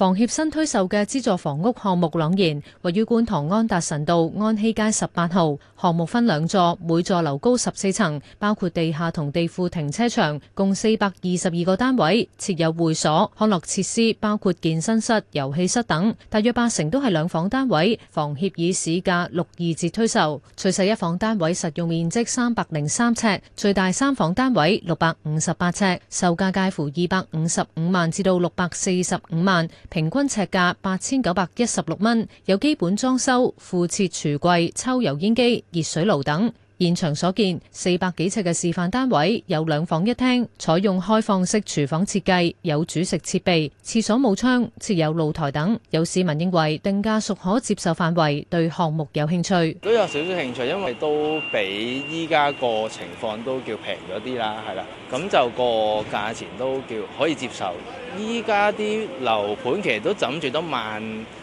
房協新推售嘅資助房屋項目朗然，位於觀塘安達臣道安熙街十八號。項目分兩座，每座樓高十四層，包括地下同地庫停車場，共四百二十二個單位。設有會所、康樂設施，包括健身室、遊戲室等。大約八成都係兩房單位。房協以市價六二折推售，最細一房單位實用面積三百零三尺，最大三房單位六百五十八尺，售價介乎二百五十五萬至到六百四十五萬。平均呎價八千九百一十六蚊，有基本裝修、附設廚櫃、抽油煙機、熱水爐等。現場所見，四百幾尺嘅示範單位有兩房一廳，採用開放式廚房設計，有煮食設備，廁所冇窗，設有露台等。有市民認為定價屬可接受範圍，對項目有興趣。都有少少興趣，因為都比依家個情況都叫平咗啲啦，係啦，咁就個價錢都叫可以接受。依家啲樓盤其實都枕住都萬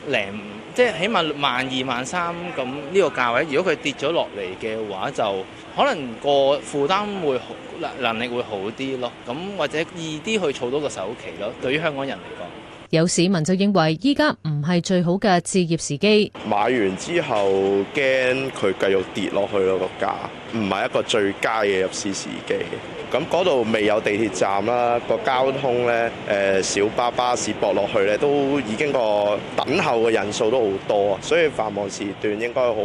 零五。即係起碼萬二萬三咁呢個價位，如果佢跌咗落嚟嘅話，就可能個負擔會好，能能力會好啲咯。咁或者易啲去儲到個首期咯，對於香港人嚟講。有市民就認為，依家唔係最好嘅置業時機。買完之後驚佢繼續跌落去咯，個價唔係一個最佳嘅入市時機。咁嗰度未有地鐵站啦，個交通咧，誒小巴、巴士駁落去咧，都已經個等候嘅人數都好多啊，所以繁忙時段應該好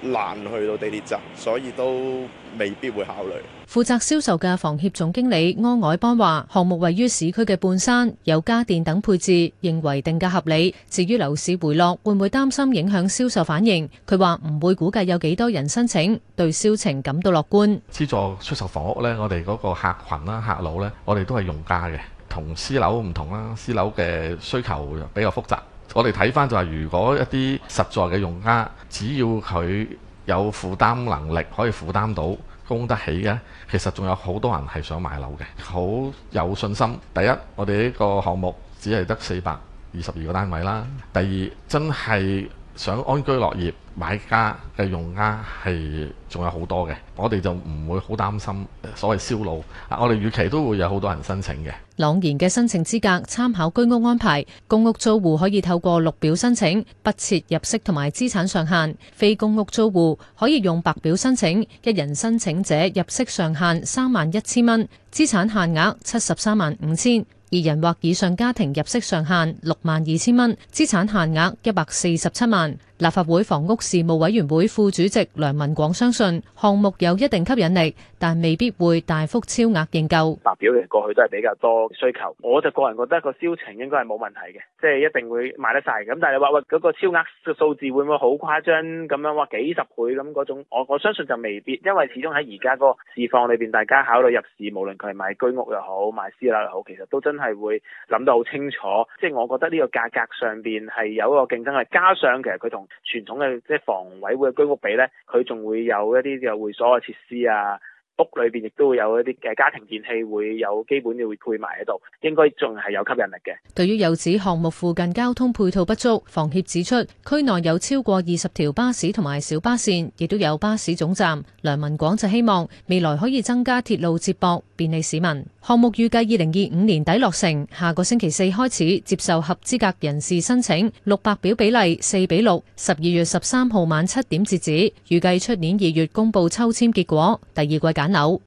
難去到地鐵站，所以都未必會考慮。負責銷售嘅房協總經理柯凱邦話，項目位於市區嘅半山，有家電等配置，認為定價合理。至於樓市回落會唔會擔心影響銷售反應，佢話唔會，估計有幾多人申請，對銷情感到樂觀。資助出售房屋呢，我哋嗰個客群啦，客佬呢，我哋都係用家嘅，同私樓唔同啦。私樓嘅需求比較複雜，我哋睇翻就係如果一啲實在嘅用家，只要佢有負擔能力，可以負擔到，供得起嘅，其實仲有好多人係想買樓嘅，好有信心。第一，我哋呢個項目只係得四百二十二個單位啦。第二，真係，想安居樂業，買家嘅用家係仲有好多嘅，我哋就唔會好擔心所謂銷路。我哋預期都會有好多人申請嘅。朗然嘅申請資格參考居屋安排，公屋租戶可以透過綠表申請，不設入息同埋資產上限；非公屋租戶可以用白表申請，一人申請者入息上限三萬一千蚊，資產限額七十三萬五千。二人或以上家庭入息上限六萬二千蚊，資產限額一百四十七萬。立法會房屋事務委員會副主席梁文廣相信項目有一定吸引力，但未必會大幅超額認購。代表嚟過去都係比較多需求，我就個人覺得個銷情應該係冇問題嘅，即係一定會賣得晒。咁但係你話，喂，嗰個超額嘅數字會唔會好誇張咁樣，話幾十倍咁嗰種，我我相信就未必，因為始終喺而家個市況裏邊，大家考慮入市，無論佢係買居屋又好，買私樓又好，其實都真係會諗得好清楚。即係我覺得呢個價格上邊係有一個競爭力，加上其實佢同傳統嘅即係房委會嘅居屋比，咧，佢仲會有一啲嘅會所嘅設施啊，屋裏邊亦都會有一啲嘅家庭電器會有基本嘅會配埋喺度，應該仲係有吸引力嘅。對於有指項目附近交通配套不足，房協指出區內有超過二十條巴士同埋小巴線，亦都有巴士總站。梁文廣就希望未來可以增加鐵路接駁，便利市民。項目預計二零二五年底落成，下個星期四開始接受合資格人士申請，六百表比例四比六，十二月十三號晚七點截止，預計出年二月公布抽籤結果，第二季揀樓。